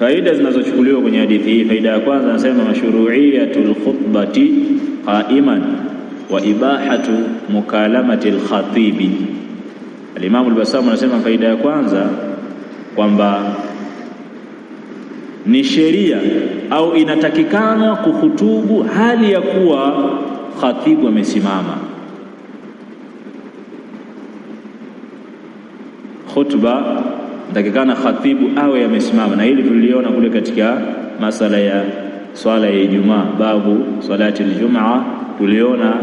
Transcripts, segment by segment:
Faida zinazochukuliwa kwenye hadithi hii, faida ya kwanza anasema mashru'iyatul khutbati qa'iman wa ibahatu mukalamati al-khatibi. Al-Imam al anasema faida ya kwanza kwamba ni sheria au inatakikana kuhutubu hali ya kuwa khatibu amesimama. Khutba Takikana khatibu awe amesimama, na hili tuliona kule katika masala ya swala ya Ijumaa, babu salati aljumaa. Tuliona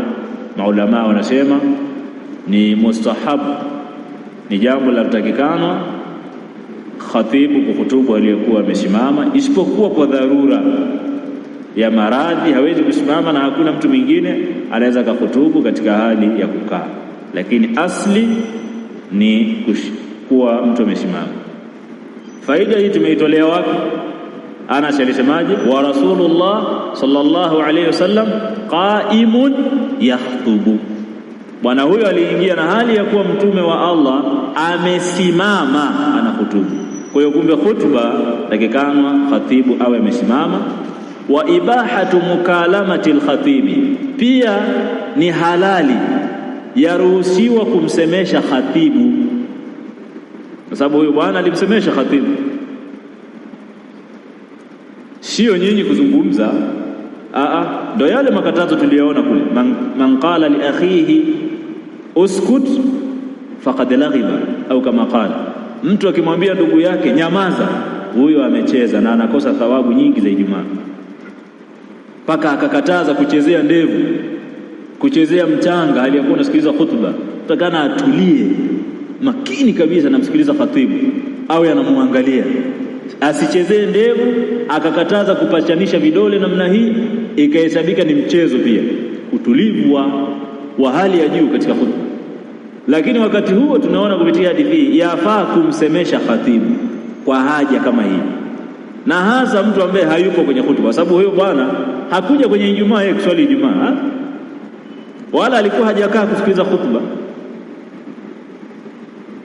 maulamaa wanasema ni mustahabu, ni jambo la kutakikana khatibu kukhutubu aliyekuwa amesimama, isipokuwa kwa dharura ya maradhi, hawezi kusimama na hakuna mtu mwingine anaweza kakhutubu katika hali ya kukaa, lakini asli ni kuwa mtu amesimama. Faida hii tumeitolea wapi? Anas alisemaje? wa rasulullah sallallahu alayhi wasallam qaimun yakhtubu Bwana huyo aliingia na hali ya kuwa mtume wa Allah amesimama anahutubu. Kwa hiyo kumbe khutba takikanwa khatibu awe amesimama. Wa ibahatu mukalamati alkhatibi, pia ni halali yaruhusiwa kumsemesha khatibu kwa sababu huyu bwana alimsemesha khatibu, sio nyinyi kuzungumza. Aa, ndo yale makatazo tuliyoona kule, man, man qala li akhihi uskut faqad laghiba au kama qala, mtu akimwambia ndugu yake nyamaza, huyo amecheza na anakosa thawabu nyingi za Ijumaa. Mpaka akakataza kuchezea ndevu, kuchezea mchanga, aliyakuwa anasikiliza khutba, takana atulie makini kabisa, namsikiliza khatibu, awe anamwangalia, asichezee ndevu, akakataza kupachanisha vidole namna hii, ikahesabika ni mchezo. Pia utulivu wa, wa hali ya juu katika khutba. Lakini wakati huo tunaona kupitia hadithi hii yafaa kumsemesha khatibu kwa haja kama hii, na hasa mtu ambaye hayupo kwenye khutba, kwa sababu huyo bwana hakuja kwenye Ijumaa yeye kuswali Ijumaa, wala alikuwa hajakaa kusikiliza khutba.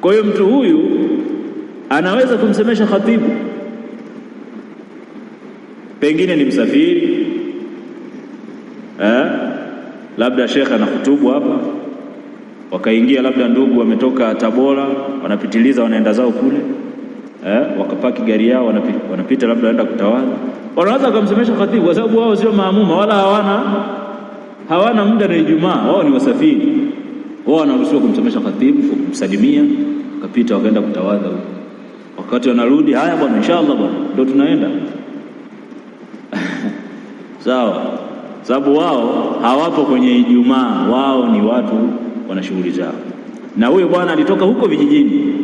Kwa hiyo mtu huyu anaweza kumsemesha khatibu, pengine ni msafiri eh, labda shekhe anakutubu hapa, wakaingia labda ndugu wametoka Tabora, wanapitiliza wanaenda zao kule eh, wakapaki gari yao, wanapita, wanapita labda wanaenda kutawala, wanaweza wakamsemesha khatibu, kwa sababu wao sio maamuma wala hawana hawana muda na Ijumaa, wao ni wasafiri wao wanaruhusiwa kumsomesha khatibu kwa kumsalimia, wakapita wakaenda kutawadha huko. Wakati wanarudi, haya bwana, inshallah bwana, ndio tunaenda sawa. Sababu wao hawapo kwenye Ijumaa, wao ni watu wana shughuli zao, na huyo bwana alitoka huko vijijini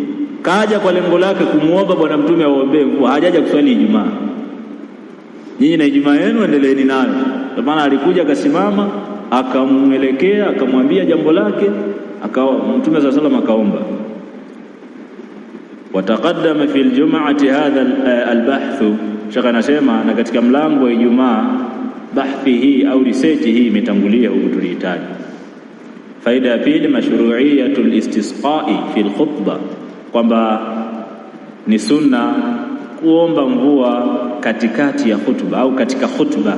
kaja kwa lengo lake kumwomba Bwana Mtume awaombee mvua, hajaja kuswali Ijumaa. Nyinyi na Ijumaa yenu endeleeni nayo. Kwa maana alikuja akasimama akamwelekea akamwambia jambo lake, Mtume saa salam akaomba. Wataqaddama fi ljumaati hadha albahthu, shaka anasema na katika mlango wa Ijumaa bahthi hii au risechi hii imetangulia huku tulihitaji. Faida ya pili, mashruiyatu listisqai fi lkhutba, kwamba ni sunna kuomba mvua katikati ya khutba au katika khutba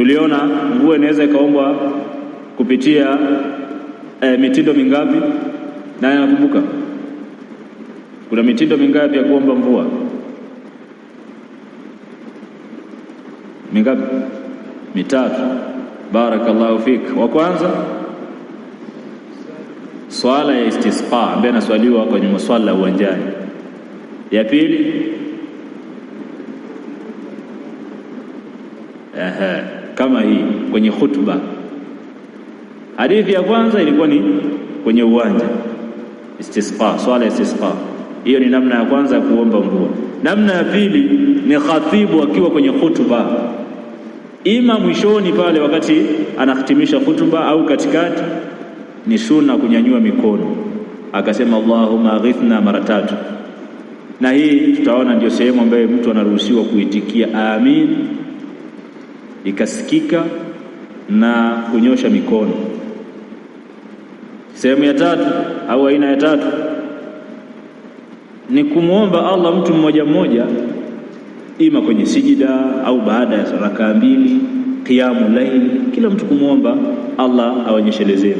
Tuliona mvua inaweza ikaombwa kupitia eh, mitindo mingapi? Naye anakumbuka kuna mitindo mingapi ya kuomba mvua? Mingapi? Mitatu. Barakallahu fik. Wa kwanza swala ya istisqa ambaye anaswaliwa kwenye maswala uwanjani. Ya pili, kama hii kwenye khutba. Hadithi ya kwanza ilikuwa ni kwenye uwanja istisqa, swala ya istisqa. Hiyo ni namna ya kwanza ya kuomba mvua. Namna ya pili ni khatibu akiwa kwenye khutba, ima mwishoni pale wakati anahitimisha khutba au katikati. Ni sunna kunyanyua mikono akasema Allahumma aghithna mara tatu, na hii tutaona ndio sehemu ambayo mtu anaruhusiwa kuitikia amin ikasikika na kunyosha mikono. Sehemu ya tatu au aina ya tatu ni kumwomba Allah mtu mmoja mmoja, ima kwenye sijida au baada ya rakaa mbili, qiyamu laili, kila mtu kumwomba Allah aonyeshelezee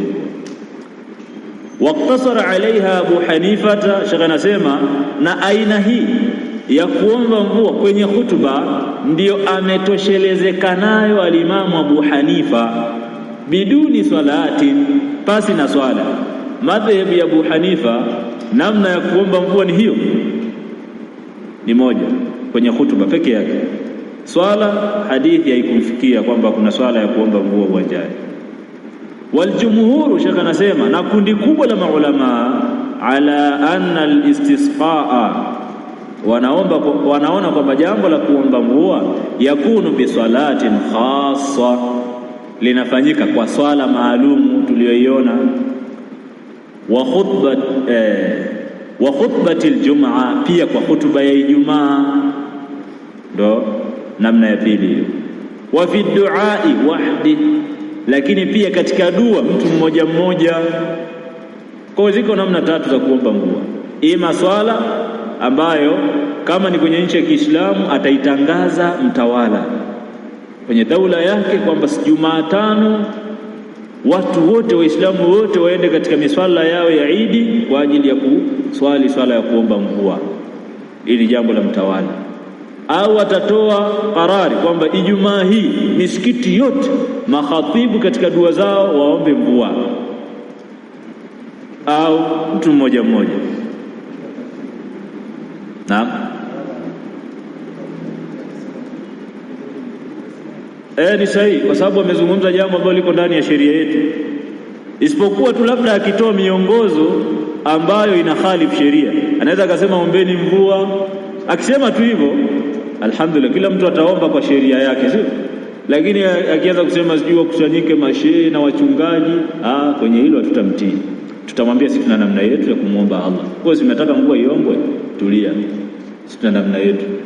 waqtasara alaiha Abu Hanifata. Shekhe anasema na aina hii ya kuomba mvua kwenye hutuba ndiyo nayo alimamu Abu Hanifa biduni salati, pasi na swala. Madhehebu ya Abu Hanifa namna ya kuomba mvua ni hiyo, ni moja kwenye hutuba peke yake. Swala hadithi haikumfikia kwamba kuna swala ya kuomba mvua uwanjani. Waljumhuru, shekh anasema na kundi kubwa la maulamaa ala anna alistisqaa wanaomba wanaona kwamba jambo la kuomba mvua yakunu bi salatin khassa, linafanyika kwa swala maalum tuliyoiona. Wa khutba eh, wa khutbati aljumaa, pia kwa khutuba ya Ijumaa. Ndo namna ya pili hiyo. Wa fi duai wahdi, lakini pia katika dua mtu mmoja mmoja. Kwa ziko namna tatu za kuomba mvua. Hii maswala ambayo kama ni kwenye nchi ya Kiislamu ataitangaza mtawala kwenye daula yake kwamba Jumatano watu wote Waislamu wote waende katika miswala yao ya Idi kwa ajili ya kuswali swala ya kuomba mvua. Ili jambo la mtawala, au atatoa karari kwamba Ijumaa hii misikiti yote makhatibu katika dua zao waombe mvua, au mtu mmoja mmoja Naam, eh, ni sahihi, kwa sababu amezungumza jambo ambalo liko ndani ya sheria yetu, isipokuwa tu labda akitoa miongozo ambayo ina khalifu sheria, anaweza akasema ombeni mvua. Akisema tu hivyo, alhamdulillah, kila mtu ataomba kwa sheria yake, sio lakini akianza kusema sijui wakusanyike mashehe na wachungaji, ah, kwenye hilo hatutamtii tutamwambia sisi tuna namna yetu ya kumwomba Allah. Kwa hiyo unataka mvua iombwe? Tulia, sisi tuna namna yetu.